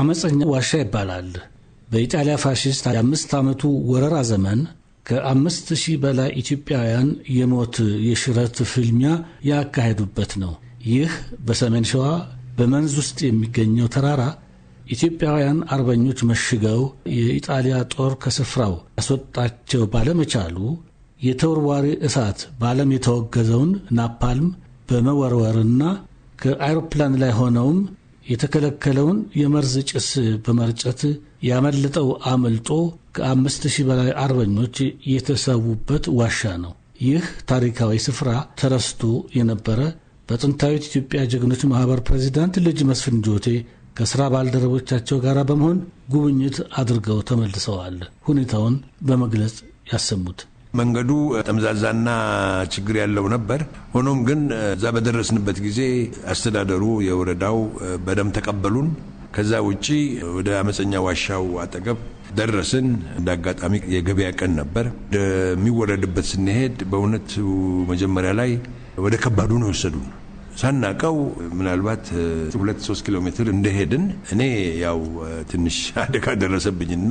አመፀኛ ዋሻ ይባላል። በኢጣሊያ ፋሽስት የአምስት ዓመቱ ወረራ ዘመን ከአምስት ሺህ በላይ ኢትዮጵያውያን የሞት የሽረት ፍልሚያ ያካሄዱበት ነው። ይህ በሰሜን ሸዋ በመንዝ ውስጥ የሚገኘው ተራራ ኢትዮጵያውያን አርበኞች መሽገው የኢጣሊያ ጦር ከስፍራው ያስወጣቸው ባለመቻሉ የተወርዋሪ እሳት በዓለም የተወገዘውን ናፓልም በመወርወርና ከአይሮፕላን ላይ ሆነውም የተከለከለውን የመርዝ ጭስ በመርጨት ያመለጠው አመልጦ ከአምስት ሺህ በላይ አርበኞች የተሰዉበት ዋሻ ነው። ይህ ታሪካዊ ስፍራ ተረስቶ የነበረ በጥንታዊት ኢትዮጵያ ጀግኖች ማኅበር ፕሬዚዳንት ልጅ መስፍን ጆቴ ከሥራ ባልደረቦቻቸው ጋር በመሆን ጉብኝት አድርገው ተመልሰዋል። ሁኔታውን በመግለጽ ያሰሙት መንገዱ ጠምዛዛና ችግር ያለው ነበር። ሆኖም ግን እዛ በደረስንበት ጊዜ አስተዳደሩ፣ የወረዳው በደም ተቀበሉን። ከዛ ውጪ ወደ አመፀኛ ዋሻው አጠገብ ደረስን። እንደ አጋጣሚ የገበያ ቀን ነበር። ወደሚወረድበት ስንሄድ በእውነት መጀመሪያ ላይ ወደ ከባዱ ነው የወሰዱን። ሳናቀው ምናልባት ሁለት ሶስት ኪሎ ሜትር እንደሄድን እኔ ያው ትንሽ አደጋ ደረሰብኝና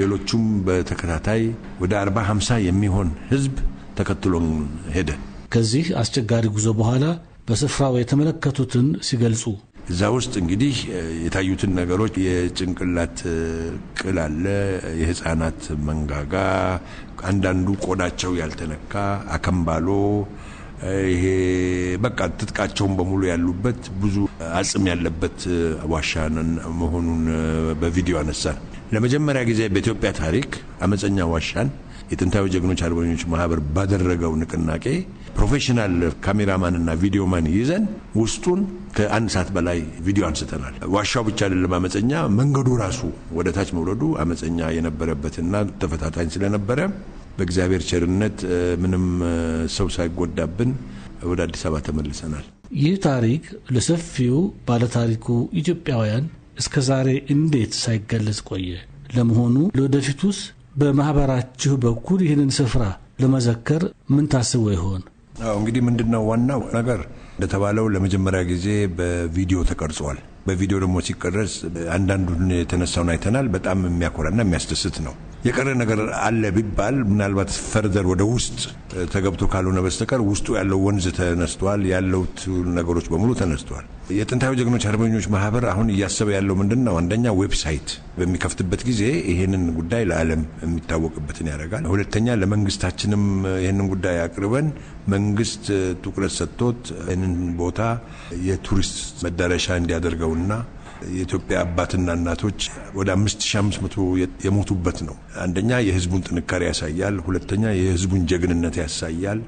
ሌሎቹም በተከታታይ ወደ 40 50 የሚሆን ህዝብ ተከትሎን ሄደ። ከዚህ አስቸጋሪ ጉዞ በኋላ በስፍራው የተመለከቱትን ሲገልጹ እዛ ውስጥ እንግዲህ የታዩትን ነገሮች የጭንቅላት ቅል አለ፣ የህፃናት መንጋጋ፣ አንዳንዱ ቆዳቸው ያልተነካ አከምባሎ፣ ይሄ በቃ ትጥቃቸውን በሙሉ ያሉበት ብዙ አጽም ያለበት ዋሻ መሆኑን በቪዲዮ አነሳን። ለመጀመሪያ ጊዜ በኢትዮጵያ ታሪክ አመፀኛ ዋሻን የጥንታዊ ጀግኖች አርበኞች ማህበር ባደረገው ንቅናቄ ፕሮፌሽናል ካሜራማንና ቪዲዮማን ይዘን ውስጡን ከአንድ ሰዓት በላይ ቪዲዮ አንስተናል። ዋሻው ብቻ አይደለም አመፀኛ፣ መንገዱ ራሱ ወደ ታች መውረዱ አመፀኛ የነበረበትና ተፈታታኝ ስለነበረ በእግዚአብሔር ቸርነት ምንም ሰው ሳይጎዳብን ወደ አዲስ አበባ ተመልሰናል። ይህ ታሪክ ለሰፊው ባለታሪኩ ኢትዮጵያውያን እስከ ዛሬ እንዴት ሳይገለጽ ቆየ? ለመሆኑ ለወደፊቱስ በማኅበራችሁ በኩል ይህንን ስፍራ ለመዘከር ምን ታስቦ ይሆን? አዎ እንግዲህ ምንድን ነው ዋናው ነገር እንደተባለው ለመጀመሪያ ጊዜ በቪዲዮ ተቀርጿል። በቪዲዮ ደግሞ ሲቀረጽ አንዳንዱን የተነሳውን አይተናል። በጣም የሚያኮራና የሚያስደስት ነው። የቀረ ነገር አለ ቢባል ምናልባት ፈርዘር ወደ ውስጥ ተገብቶ ካልሆነ በስተቀር ውስጡ ያለው ወንዝ ተነስቷል፣ ያለውት ነገሮች በሙሉ ተነስተዋል። የጥንታዊ ጀግኖች አርበኞች ማህበር አሁን እያሰበ ያለው ምንድን ነው? አንደኛ ዌብሳይት በሚከፍትበት ጊዜ ይህንን ጉዳይ ለዓለም የሚታወቅበትን ያደርጋል። ሁለተኛ ለመንግስታችንም ይህንን ጉዳይ አቅርበን መንግስት ትኩረት ሰጥቶት ይህንን ቦታ የቱሪስት መዳረሻ እንዲያደርገውና የኢትዮጵያ አባትና እናቶች ወደ 5500 የሞቱበት ነው። አንደኛ የህዝቡን ጥንካሬ ያሳያል። ሁለተኛ የህዝቡን ጀግንነት ያሳያል።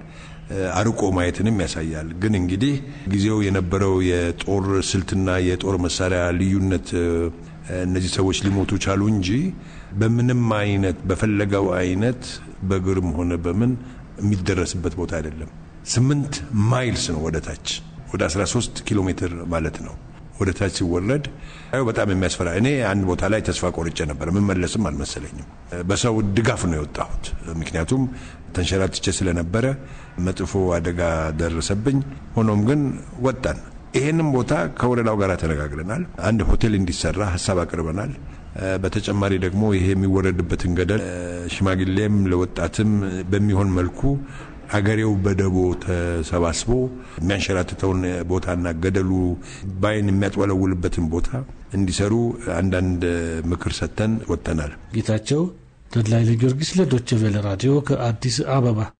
አርቆ ማየትንም ያሳያል። ግን እንግዲህ ጊዜው የነበረው የጦር ስልትና የጦር መሳሪያ ልዩነት እነዚህ ሰዎች ሊሞቱ ቻሉ እንጂ በምንም አይነት በፈለገው አይነት በእግርም ሆነ በምን የሚደረስበት ቦታ አይደለም። ስምንት ማይልስ ነው ወደ ታች ወደ 13 ኪሎ ሜትር ማለት ነው። ወደ ታች ሲወለድ በጣም የሚያስፈራ። እኔ አንድ ቦታ ላይ ተስፋ ቆርጬ ነበር። የምመለስም አልመሰለኝም። በሰው ድጋፍ ነው የወጣሁት። ምክንያቱም ተንሸራትቼ ስለነበረ መጥፎ አደጋ ደረሰብኝ። ሆኖም ግን ወጣን። ይሄንም ቦታ ከወረዳው ጋር ተነጋግረናል። አንድ ሆቴል እንዲሰራ ሀሳብ አቅርበናል። በተጨማሪ ደግሞ ይሄ የሚወረድበትን ገደል ሽማግሌም ለወጣትም በሚሆን መልኩ አገሬው በደቦ ተሰባስቦ የሚያንሸራትተውን ቦታና ገደሉ ባይን የሚያጥወለውልበትን ቦታ እንዲሰሩ አንዳንድ ምክር ሰጥተን ወጥተናል። ጌታቸው ተድላይ ለጊዮርጊስ ለዶቼ ቬለ ራዲዮ ከአዲስ አበባ